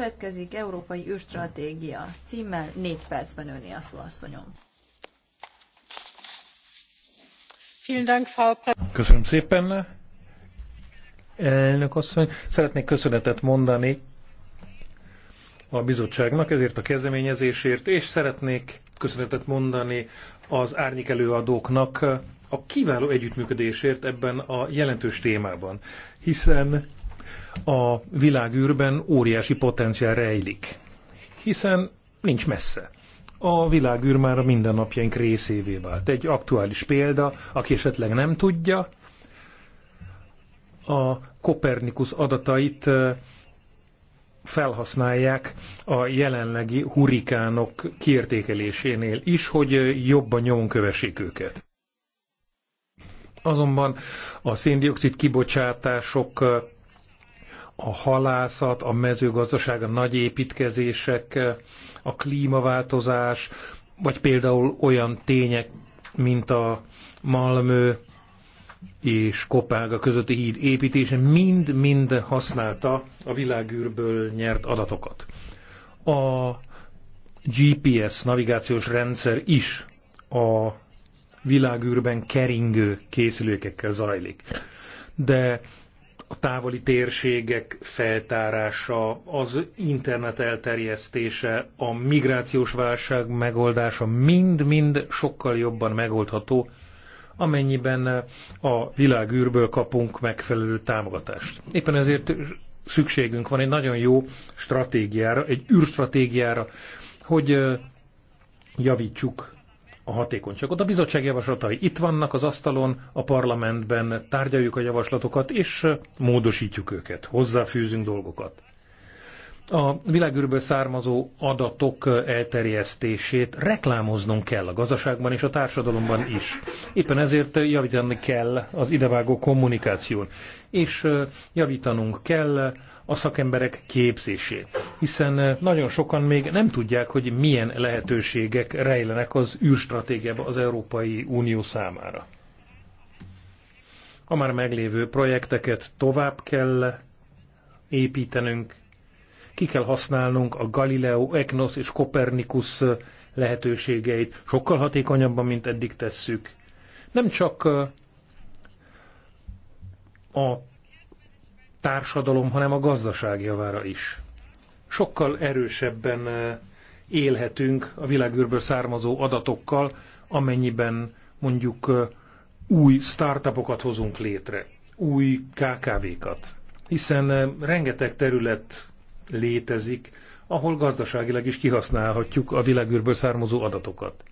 Következik Európai űrstratégia címmel, négy percben önné a szó asszonyom. Köszönöm szépen, elnök asszony. Szeretnék köszönetet mondani a bizottságnak ezért a kezdeményezésért, és szeretnék köszönetet mondani az árnyék előadóknak a kiváló együttműködésért ebben a jelentős témában, hiszen a világűrben óriási potenciál rejlik, hiszen nincs messze. A világűr már a mindennapjaink részévé vált. Egy aktuális példa, aki esetleg nem tudja, a Kopernikus adatait felhasználják a jelenlegi hurikánok kiértékelésénél is, hogy jobban nyomon kövessék őket. Azonban a széndiokszid kibocsátások a halászat, a mezőgazdaság, a nagy építkezések, a klímaváltozás, vagy például olyan tények, mint a Malmö és Kopága közötti híd építése mind-mind használta a világűrből nyert adatokat. A GPS navigációs rendszer is a világűrben keringő készülékekkel zajlik. De a távoli térségek feltárása, az internet elterjesztése, a migrációs válság megoldása mind-mind sokkal jobban megoldható, amennyiben a világűrből kapunk megfelelő támogatást. Éppen ezért szükségünk van egy nagyon jó stratégiára, egy űrstratégiára, hogy javítsuk a Ott A bizottság javaslatai itt vannak az asztalon, a parlamentben tárgyaljuk a javaslatokat, és módosítjuk őket, hozzáfűzünk dolgokat a világűrből származó adatok elterjesztését reklámoznunk kell a gazdaságban és a társadalomban is. Éppen ezért javítani kell az idevágó kommunikáción, és javítanunk kell a szakemberek képzését, hiszen nagyon sokan még nem tudják, hogy milyen lehetőségek rejlenek az űrstratégiában az Európai Unió számára. A már meglévő projekteket tovább kell építenünk, ki kell használnunk a Galileo, Egnos és Kopernikus lehetőségeit sokkal hatékonyabban, mint eddig tesszük. Nem csak a társadalom, hanem a gazdaság javára is. Sokkal erősebben élhetünk a világűrből származó adatokkal, amennyiben mondjuk új startupokat hozunk létre, új KKV-kat. Hiszen rengeteg terület létezik, ahol gazdaságilag is kihasználhatjuk a világűrből származó adatokat.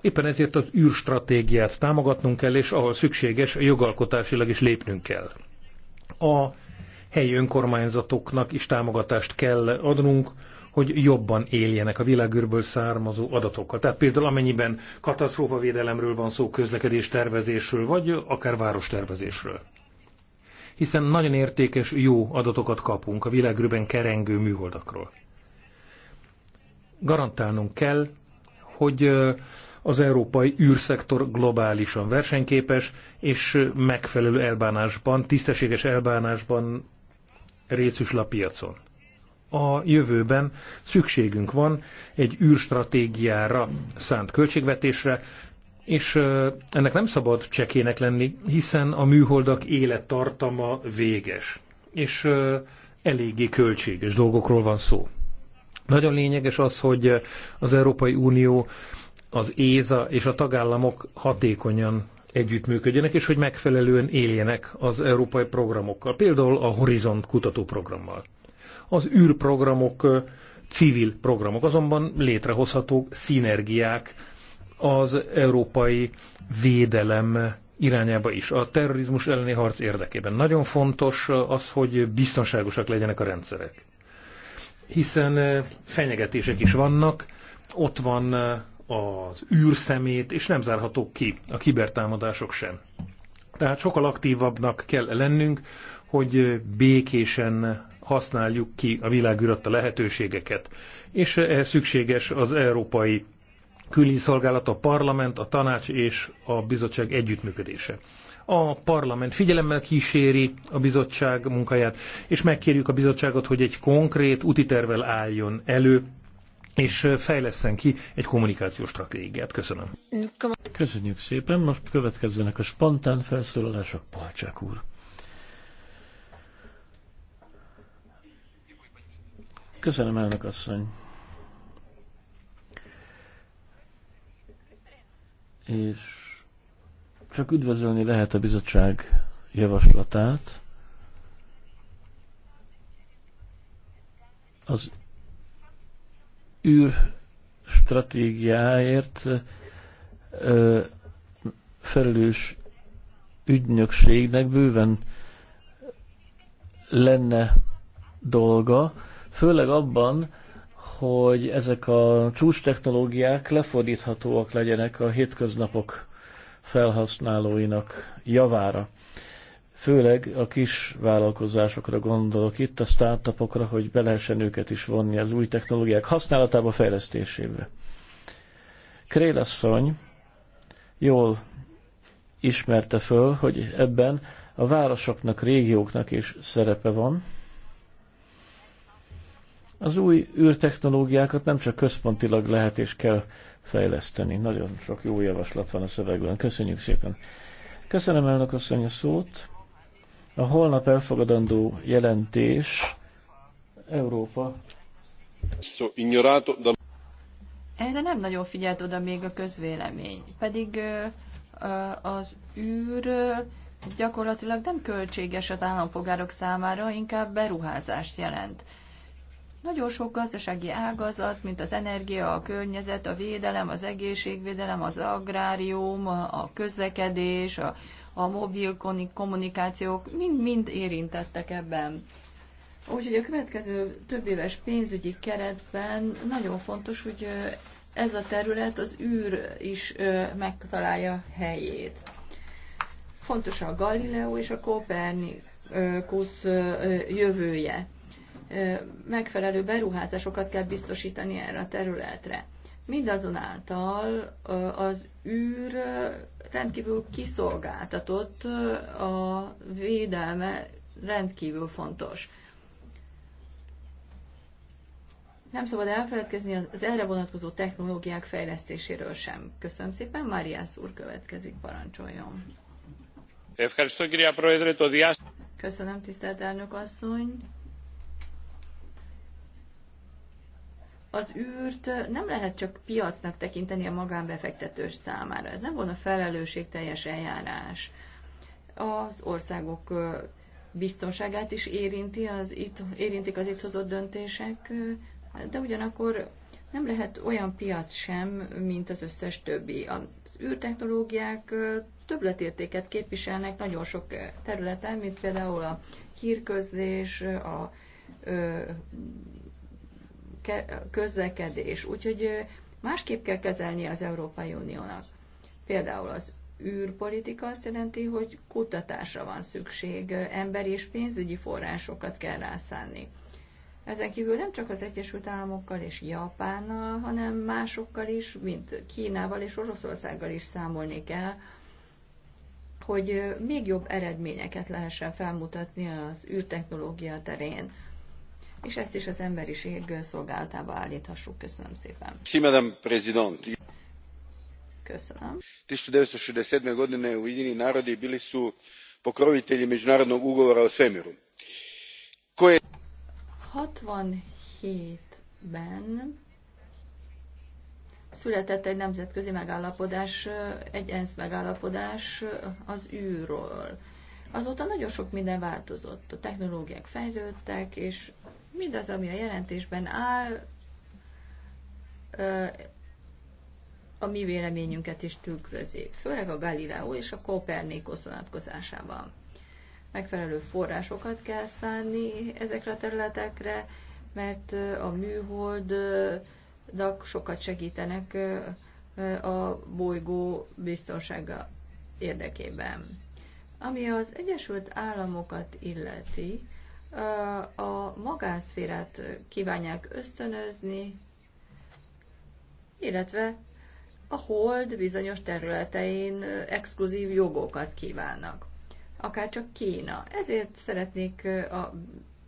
Éppen ezért az űrstratégiát támogatnunk kell, és ahol szükséges, jogalkotásilag is lépnünk kell. A helyi önkormányzatoknak is támogatást kell adnunk, hogy jobban éljenek a világűrből származó adatokkal. Tehát például amennyiben katasztrófavédelemről van szó, közlekedés tervezésről, vagy akár várostervezésről hiszen nagyon értékes, jó adatokat kapunk a világrőben kerengő műholdakról. Garantálnunk kell, hogy az európai űrszektor globálisan versenyképes, és megfelelő elbánásban, tisztességes elbánásban részül a piacon. A jövőben szükségünk van egy űrstratégiára szánt költségvetésre, és ennek nem szabad csekének lenni, hiszen a műholdak élettartama véges, és eléggé költséges dolgokról van szó. Nagyon lényeges az, hogy az Európai Unió, az ÉZA és a tagállamok hatékonyan együttműködjenek, és hogy megfelelően éljenek az európai programokkal, például a Horizont kutatóprogrammal. Az űrprogramok, civil programok azonban létrehozhatók szinergiák az európai védelem irányába is. A terrorizmus elleni harc érdekében nagyon fontos az, hogy biztonságosak legyenek a rendszerek. Hiszen eh, fenyegetések is vannak, ott van eh, az űrszemét, és nem zárhatók ki a kibertámadások sem. Tehát sokkal aktívabbnak kell lennünk, hogy eh, békésen használjuk ki a világűr a lehetőségeket. És ehhez szükséges az európai külügyi szolgálat, a parlament, a tanács és a bizottság együttműködése. A parlament figyelemmel kíséri a bizottság munkáját, és megkérjük a bizottságot, hogy egy konkrét útitervel álljon elő, és fejlesszen ki egy kommunikációs stratégiát. Köszönöm. Köszönjük szépen. Most következzenek a spontán felszólalások. Palcsák úr. Köszönöm, elnök asszony. és csak üdvözölni lehet a bizottság javaslatát. Az űr stratégiáért ö, felelős ügynökségnek bőven lenne dolga, főleg abban, hogy ezek a csúcs technológiák lefordíthatóak legyenek a hétköznapok felhasználóinak javára. Főleg a kis vállalkozásokra gondolok itt, a startupokra, hogy be lehessen őket is vonni az új technológiák használatába, fejlesztésébe. Krélasszony jól ismerte föl, hogy ebben a városoknak, régióknak is szerepe van, az új űrtechnológiákat nem csak központilag lehet és kell fejleszteni. Nagyon sok jó javaslat van a szövegben. Köszönjük szépen. Köszönöm elnök asszony a szót. A holnap elfogadandó jelentés Európa. Erre nem nagyon figyelt oda még a közvélemény, pedig az űr gyakorlatilag nem költséges az állampolgárok számára, inkább beruházást jelent. Nagyon sok gazdasági ágazat, mint az energia, a környezet, a védelem, az egészségvédelem, az agrárium, a közlekedés, a, a mobil kommunikációk, mind-mind érintettek ebben. Úgyhogy a következő több éves pénzügyi keretben nagyon fontos, hogy ez a terület, az űr is megtalálja helyét. Fontos a Galileo és a Kopernikus jövője megfelelő beruházásokat kell biztosítani erre a területre. Mindazonáltal az űr rendkívül kiszolgáltatott, a védelme rendkívül fontos. Nem szabad elfeledkezni az erre vonatkozó technológiák fejlesztéséről sem. Köszönöm szépen, Máriász úr következik, parancsoljon. Köszönöm, tisztelt elnök asszony. az űrt nem lehet csak piacnak tekinteni a magánbefektetős számára. Ez nem volna felelősségteljes eljárás. Az országok biztonságát is érinti az itt, érintik az itt hozott döntések, de ugyanakkor nem lehet olyan piac sem, mint az összes többi. Az űrtechnológiák többletértéket képviselnek nagyon sok területen, mint például a hírközlés, a közlekedés. Úgyhogy másképp kell kezelni az Európai Uniónak. Például az űrpolitika azt jelenti, hogy kutatásra van szükség, emberi és pénzügyi forrásokat kell rászánni. Ezen kívül nem csak az Egyesült Államokkal és Japánnal, hanem másokkal is, mint Kínával és Oroszországgal is számolni kell, hogy még jobb eredményeket lehessen felmutatni az űrtechnológia terén és ezt is az emberiség szolgálatába állíthassuk. Köszönöm szépen. Madam President. Köszönöm. 1967. godine Ujedinjeni narodi bili su pokrovitelji međunarodnog ugovora o svemiru. Koje... 67-ben született egy nemzetközi megállapodás, egy ENSZ megállapodás az űrről. Azóta nagyon sok minden változott. A technológiák fejlődtek, és mindaz, ami a jelentésben áll, a mi véleményünket is tükrözi, főleg a Galileo és a Kopernikus vonatkozásában. Megfelelő forrásokat kell szánni ezekre a területekre, mert a műholdak sokat segítenek a bolygó biztonsága érdekében. Ami az Egyesült Államokat illeti, a magánszférát kívánják ösztönözni, illetve a hold bizonyos területein exkluzív jogokat kívánnak, akár csak Kína. Ezért szeretnék a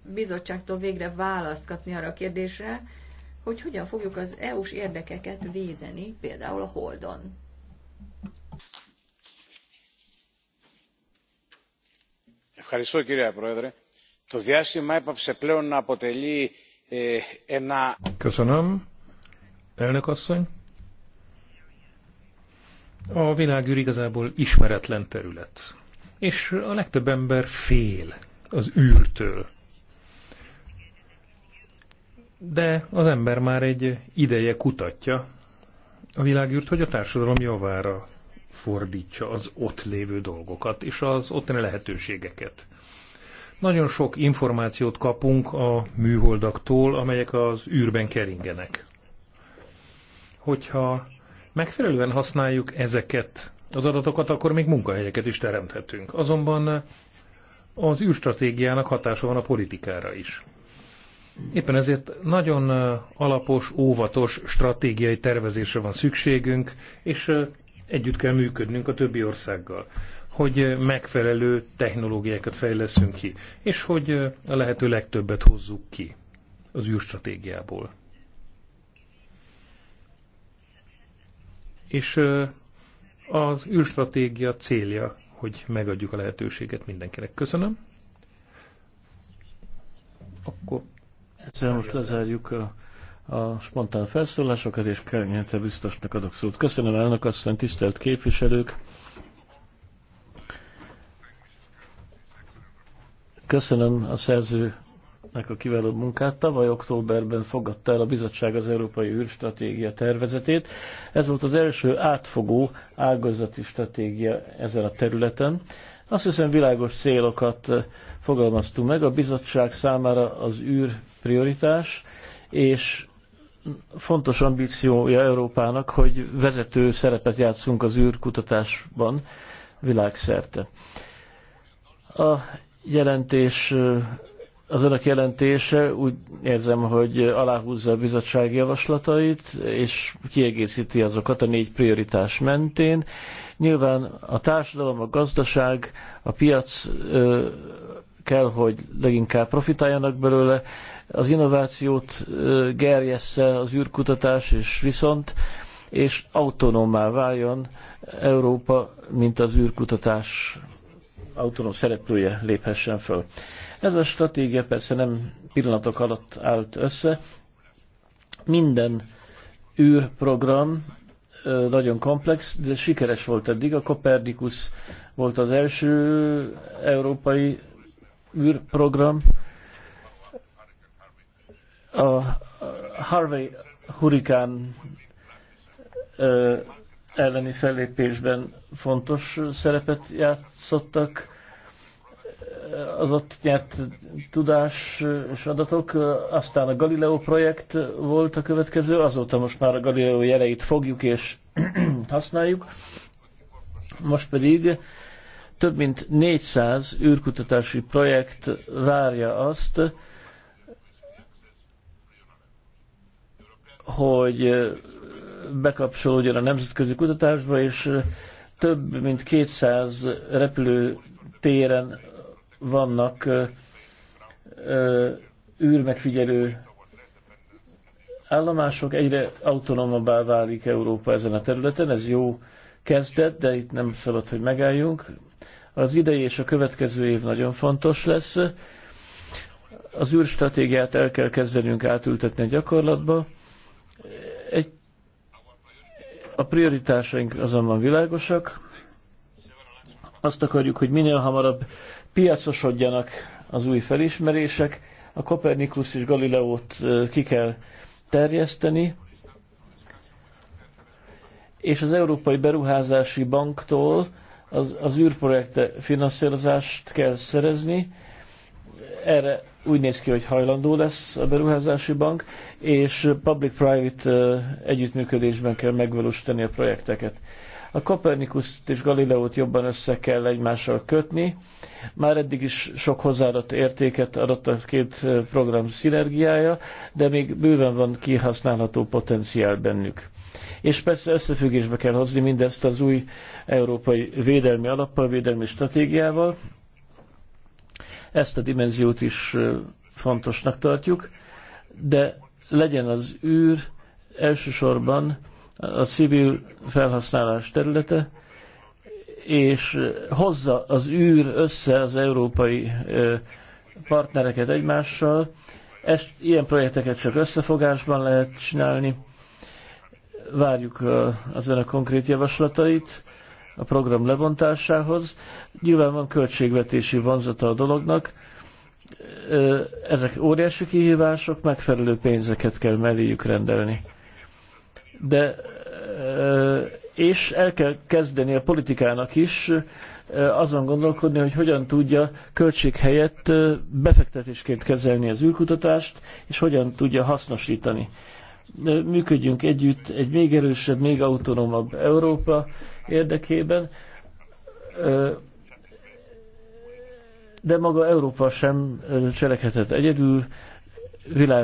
bizottságtól végre választ kapni arra a kérdésre, hogy hogyan fogjuk az EU-s érdekeket védeni, például a holdon. Köszönöm, κυρία Πρόεδρε. Το διάστημα έπαψε πλέον να αποτελεί ένα... Köszönöm. Elnök asszony. A világűr igazából ismeretlen terület. És a legtöbb ember fél az űrtől. De az ember már egy ideje kutatja a világűrt, hogy a társadalom javára fordítsa az ott lévő dolgokat és az ottani lehetőségeket. Nagyon sok információt kapunk a műholdaktól, amelyek az űrben keringenek. Hogyha megfelelően használjuk ezeket az adatokat, akkor még munkahelyeket is teremthetünk. Azonban az űrstratégiának hatása van a politikára is. Éppen ezért nagyon alapos, óvatos stratégiai tervezésre van szükségünk, és együtt kell működnünk a többi országgal hogy eh, megfelelő technológiákat fejleszünk ki, és hogy eh, a lehető legtöbbet hozzuk ki az űrstratégiából. És eh, az űrstratégia célja, hogy megadjuk a lehetőséget mindenkinek. Köszönöm. Akkor egyszerűen most lezárjuk a, a spontán felszólásokat, és Kárnyente biztosnak adok szót. Köszönöm elnök asszony, tisztelt képviselők! Köszönöm a szerzőnek a kiváló munkát. Tavaly októberben fogadta el a bizottság az Európai űrstratégia tervezetét. Ez volt az első átfogó ágazati stratégia ezen a területen. Azt hiszem világos célokat fogalmaztunk meg. A bizottság számára az űr prioritás, és fontos ambíciója Európának, hogy vezető szerepet játszunk az űrkutatásban világszerte. A jelentés, az önök jelentése úgy érzem, hogy aláhúzza a bizottság javaslatait, és kiegészíti azokat a négy prioritás mentén. Nyilván a társadalom, a gazdaság, a piac kell, hogy leginkább profitáljanak belőle, az innovációt gerjessze az űrkutatás és viszont, és autonómá váljon Európa, mint az űrkutatás autonóm szereplője léphessen föl. Ez a stratégia persze nem pillanatok alatt állt össze. Minden űrprogram nagyon komplex, de sikeres volt eddig. A Copernicus volt az első európai űrprogram. A Harvey hurikán elleni fellépésben fontos szerepet játszottak. Az ott nyert tudás és adatok, aztán a Galileo projekt volt a következő, azóta most már a Galileo jeleit fogjuk és használjuk. Most pedig több mint 400 űrkutatási projekt várja azt, hogy bekapcsolódjon a nemzetközi kutatásba, és több mint 200 repülőtéren vannak űrmegfigyelő állomások, egyre autonómabbá válik Európa ezen a területen, ez jó kezdet, de itt nem szabad, hogy megálljunk. Az idei és a következő év nagyon fontos lesz. Az űrstratégiát el kell kezdenünk átültetni a gyakorlatba. Egy a prioritásaink azonban világosak. Azt akarjuk, hogy minél hamarabb piacosodjanak az új felismerések. A Kopernikus és Galileót ki kell terjeszteni, és az Európai Beruházási Banktól az, az űrprojekte finanszírozást kell szerezni, erre úgy néz ki, hogy hajlandó lesz a beruházási bank, és public-private eh, együttműködésben kell megvalósítani a projekteket. A Kopernikuszt és Galileót jobban össze kell egymással kötni. Már eddig is sok hozzáadott értéket adott a két eh, program szinergiája, de még bőven van kihasználható potenciál bennük. És persze összefüggésbe kell hozni mindezt az új európai védelmi alappal, védelmi stratégiával, ezt a dimenziót is fontosnak tartjuk, de legyen az űr elsősorban a civil felhasználás területe, és hozza az űr össze az európai partnereket egymással. Ezt, ilyen projekteket csak összefogásban lehet csinálni. Várjuk az önök konkrét javaslatait a program lebontásához. Nyilván van költségvetési vonzata a dolognak, ezek óriási kihívások, megfelelő pénzeket kell melléjük rendelni. De és el kell kezdeni a politikának is azon gondolkodni, hogy hogyan tudja költség helyett befektetésként kezelni az űrkutatást, és hogyan tudja hasznosítani. Működjünk együtt egy még erősebb, még autonómabb Európa érdekében, de maga Európa sem cselekedhet egyedül, világ